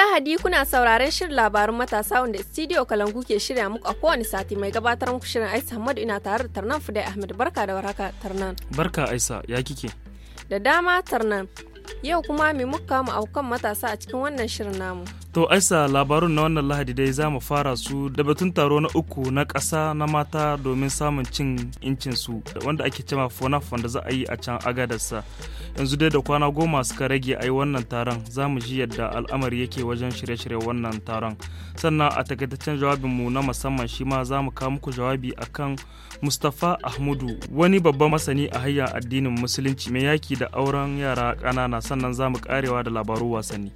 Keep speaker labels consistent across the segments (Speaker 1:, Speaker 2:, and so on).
Speaker 1: Lahadi kuna sauraren shirin labarun matasa wanda Studio Kalangu ke shirya muku a kowane sati mai gabatar muku shirin Aisha Hamadu ina tare da Tarnan Fudai Ahmed barka da warhaka Tarnan.
Speaker 2: Barka Aisha ya kike?
Speaker 1: Da dama Tarnan. Yau kuma me muka mu aukan matasa a cikin wannan shirin namu.
Speaker 2: To aisa labarun na wannan lahadi dai za mu fara su da batun taro na uku na ƙasa na mata domin samun cin incin su wanda ake cema fonaf wanda za a yi a can agadarsa. Yanzu dai da kwana goma suka rage a yi wannan taron za mu ji yadda al'amari yake wajen shirye-shirye wannan taron. Sannan a takaitaccen jawabin mu na musamman shi ma za mu kawo muku jawabi akan Mustapha Ahmadu wani babban masani a hayya addinin musulunci mai yaki da auren yara ƙanana sannan za mu karewa da labaru wasanni.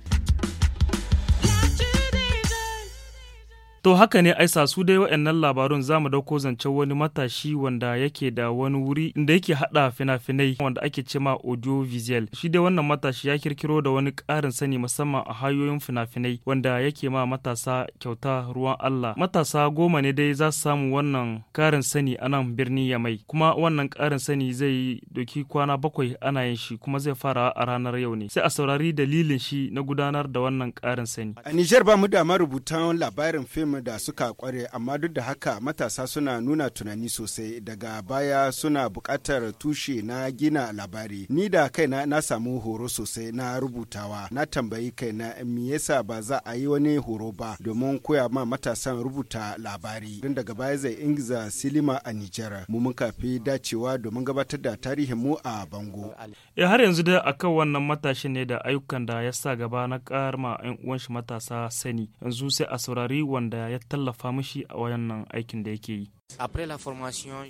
Speaker 2: To haka ne aisa su dai waɗannan labarun za mu dauko zancen wani matashi wanda yake da wani wuri da yake haɗa fina-finai wanda ake cema audiovisual. Shi dai wannan matashi ya kirkiro da wani ƙarin sani musamman a hanyoyin fina-finai wanda yake ma matasa kyauta ruwan Allah. Matasa goma ne dai za su samu wannan ƙarin sani a nan birni Yamai. Kuma wannan ƙarin sani zai doki kwana bakwai ana yin shi kuma zai fara a ranar yau ne. Sai a saurari dalilin shi na gudanar da wannan ƙarin sani. A
Speaker 3: Nijar ba mu da marubutan labarin fim da suka kware amma duk da haka matasa suna nuna tunani sosai daga baya suna bukatar tushe na gina labari. Ni da kaina na samu horo sosai na rubutawa na tambayi kaina me yasa ba za a yi wani horo ba domin koya ma matasan rubuta labari. Don daga baya zai ingiza silima a Nijar mu muka fi dacewa domin gabatar da tarihin mu a bango.
Speaker 2: Eh har yanzu dai akan wannan matashin ne da ayyukan da ya sa gaba na karma 'yan uwan shi matasa sani yanzu sai a saurari wanda ya tallafa mishi a wannan aikin da yake yi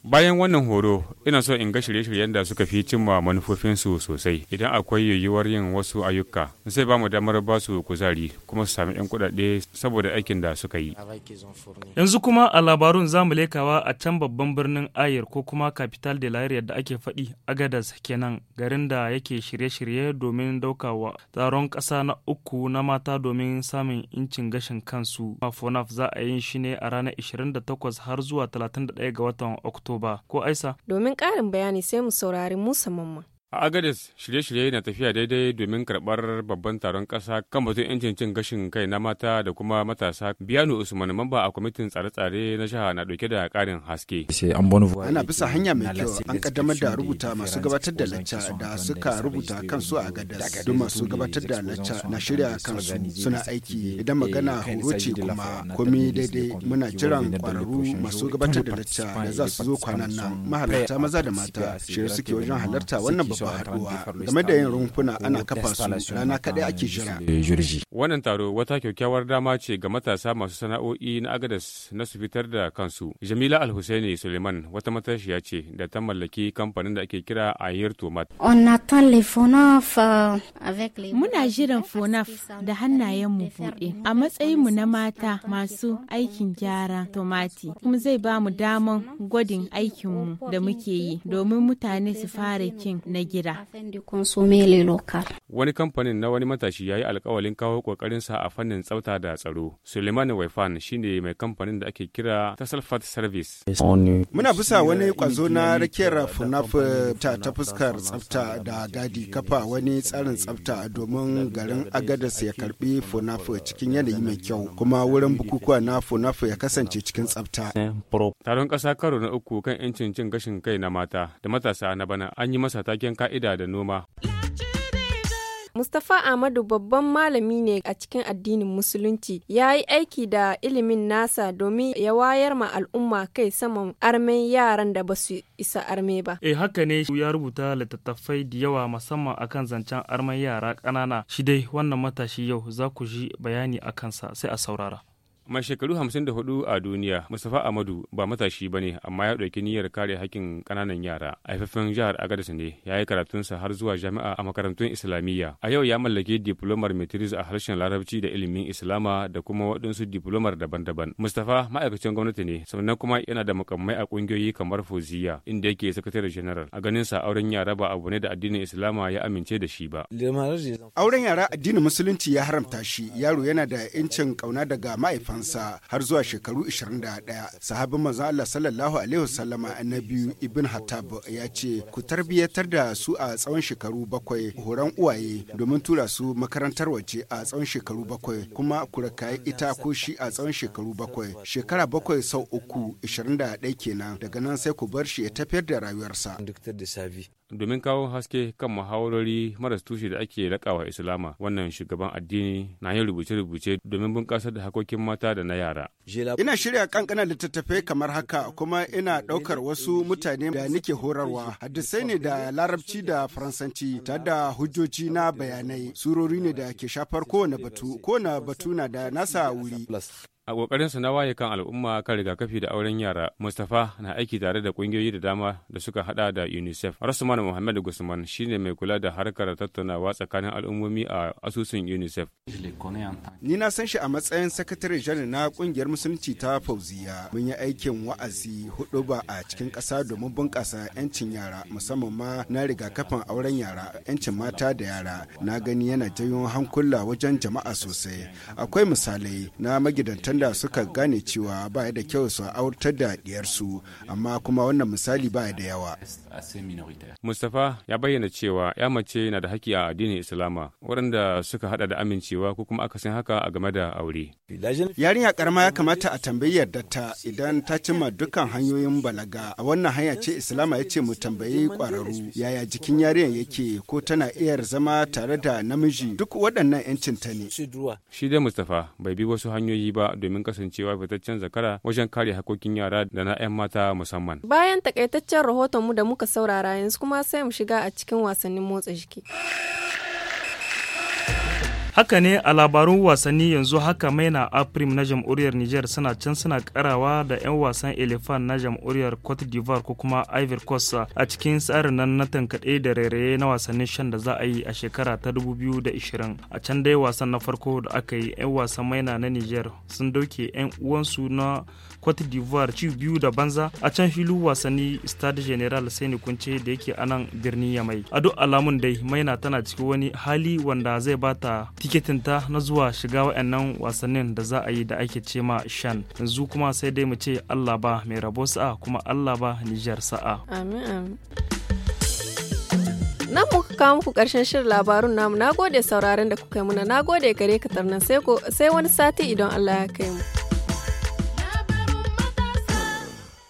Speaker 4: Bayan wannan horo, ina so in ga shirye-shiryen da suka fi cimma manufofinsu sosai. Idan akwai yiwuwar yin wasu ayyuka, sai ba mu damar ba su kuzari kuma su sami 'yan kuɗaɗe saboda aikin da suka yi. Yanzu kuma a labarun zamu lekawa a can
Speaker 2: babban birnin Ayer ko kuma Capital de la da ake faɗi Agadas kenan garin da yake shirye-shirye domin daukawa taron ƙasa na uku na mata domin samun incin gashin kansu. Mafonaf za a yin shi ne a ranar 28 har zuwa 31 ga watan Oktoba ko Aisa?
Speaker 1: Domin ƙarin bayani sai mu saurari Musa Mamman.
Speaker 4: A Agadis shirye-shirye na tafiya daidai domin karɓar babban taron ƙasa kan batun 'yancin cin gashin kai na mata da kuma matasa. Biyanu Usman mamba a kwamitin tsare-tsare na jiha na ɗauke da ƙarin haske.
Speaker 3: Ana bisa hanya mai kyau an kaddamar da rubuta masu gabatar da lacca da suka rubuta kansu a Agadis don masu eh, gabatar da lacca na shirya kansu suna aiki idan magana horo ce kuma komi daidai muna jiran kwararru masu gabatar da lacca da za su zo kwanan nan mahalarta maza da mata shirye suke wajen halarta wannan game da yin rumfuna ana kafa su rana kaɗai ake jira. Eh,
Speaker 4: Wannan taro wata kyakkyawar dama ce ga matasa masu sana'o'i na Agadas na su fitar da kansu. Jamila Alhussaini Suleiman wata matashiya ce da ta mallaki kamfanin da ake kira Ayir Tomat. Euh,
Speaker 1: Muna jiran Fonaf da hannayen mu buɗe a matsayin matsayinmu na mata masu aikin gyara tomati kuma zai ba mu daman gwadin aikin mu da muke yi domin mutane su fara kin na gida.
Speaker 4: Wani kamfanin na wani matashi ya yi alkawalin kawo ƙoƙarinsa a fannin tsafta da tsaro. Suleiman Waifan shine mai kamfanin da ake kira ta Salfat Service.
Speaker 3: Muna bisa wani kwazo na rakiyar funaf ta fuskar tsafta da gadi kafa wani tsarin tsafta domin garin Agadas ya karbi funaf cikin yanayi mai kyau kuma wurin bukukuwa na funaf ya kasance cikin tsafta.
Speaker 4: Taron ƙasa karo na uku kan 'yancin cin gashin kai na mata da matasa na bana an yi masa taken ka'ida da noma.
Speaker 1: Mustapha Ahmadu babban malami ne a cikin addinin Musulunci, ya yi aiki da ilimin nasa domin ya wayar ma al'umma kai saman armen yaran da ba su isa arme ba.
Speaker 2: Eh haka ne ya rubuta littattafai da yawa musamman akan zancen armen yara ƙanana. Shi dai wannan matashi yau za ku ji bayani a kansa sai a saurara.
Speaker 4: mai shekaru 54 a duniya mustapha amadu ba matashi ba ne amma ya ɗauki niyyar kare hakkin kananan yara haifafen jihar agadis ne ya yi karatunsa har zuwa jami'a a makarantun islamiyya a yau ya mallaki diplomar metris a harshen larabci da ilimin islama da kuma waɗansu diplomar daban-daban mustapha ma'aikacin gwamnati ne sannan kuma yana da mukammai a ƙungiyoyi kamar foziya inda yake sakatare general a ganin sa auren yara ba abu ne da addinin islama ya amince da shi ba
Speaker 3: auren yara addinin musulunci ya haramta shi yaro yana da 'yancin kauna daga ma'aifa mahaifansa har zuwa shekaru 21 sahabin manzon Allah sallallahu alaihi wasallama na biyu ibn Hattab ya ce ku tarbiyyatar da su a tsawon shekaru bakwai horon uwaye domin tura su makarantar waje a tsawon shekaru bakwai kuma ku rakayi ita ko shi a tsawon shekaru bakwai shekara bakwai sau uku 21 kenan daga nan sai ku bar shi ya tafiyar da rayuwarsa.
Speaker 4: domin kawo haske kan muhawarori maras tushe da ake rakawa islama wannan shugaban addini na yin rubuce-rubuce domin bunƙasar da hakokin mata da na yara
Speaker 3: ina shirya kankana littattafai kamar haka kuma ina ɗaukar wasu mutane da nike horarwa hadisai ne da larabci da faransanci ta da hujjoji na bayanai surori ne da ke shafar kowane batu kowane batu na da nasa wuri
Speaker 4: A ƙoƙarinsa na waye kan al'umma kan rigakafi da auren yara, Mustapha na aiki tare da ƙungiyoyi da dama da suka hada da UNICEF. Rasman Muhammad Gusman shine mai kula da harkar tattaunawa tsakanin al'ummomi a asusun UNICEF.
Speaker 3: Ni na san shi a matsayin sakatare janar na ƙungiyar musulunci ta Fauziya. Mun yi aikin wa'azi hudu ba a cikin ƙasa domin bunƙasa 'yancin yara musamman ma na rigakafin auren yara, 'yancin mata da yara. Na gani yana janyo hankula wajen jama'a sosai. Akwai misalai na magidantan matan da suka gane cewa ba da kyau su aurtar da diyarsu amma kuma wannan misali ba da yawa.
Speaker 4: Mustapha ya bayyana cewa ya mace na da haƙƙi a addinin Islama waɗanda suka hada da amincewa ko kuma san haka a game da aure.
Speaker 3: Yarinya karama ya kamata a tambayi ta idan ta cimma dukkan hanyoyin balaga a wannan hanya ce Islama ya ce mu tambayi kwararru yaya jikin yarinyar yake ko tana iya zama tare da namiji duk waɗannan 'yancin ta ne.
Speaker 4: Shi dai Mustapha bai bi wasu hanyoyi ba domin kasancewa fitaccen zakara wajen kare hakokin yara da na 'yan mata musamman.
Speaker 1: Bayan takaitaccen rahotonmu da muka saurara yanzu kuma sai mu shiga a cikin wasannin motsa jiki.
Speaker 2: haka ne a labarun wasanni yanzu haka maina aprim na jam'uriyar niger suna can suna karawa da 'yan wasan elefan na jam'uriyar cote d'ivoire ko kuma ivory coast a cikin tsarin nan na tankaɗe da rairaye na wasannin shan da za a yi a shekara ta 2020 a can dai wasan na farko da aka yi 'yan wasan maina na niger sun dauke 'yan uwansu na cote d'ivoire ci biyu da banza a can filin wasanni stade general sai kunce da yake anan birnin yamai a duk alamun dai maina tana cikin wani hali wanda zai bata tiketinta na zuwa shiga wa'annan wasannin da za a yi da ake ce ma shan yanzu kuma sai dai mu ce allah ba mai rabo sa'a kuma allah ba nijar sa'a
Speaker 1: nan muka kawo muku karshen shirin labarun namu na gode sauraron da kuka yi muna na gode gare ka tarnan sai wani sati idan allah ya kai mu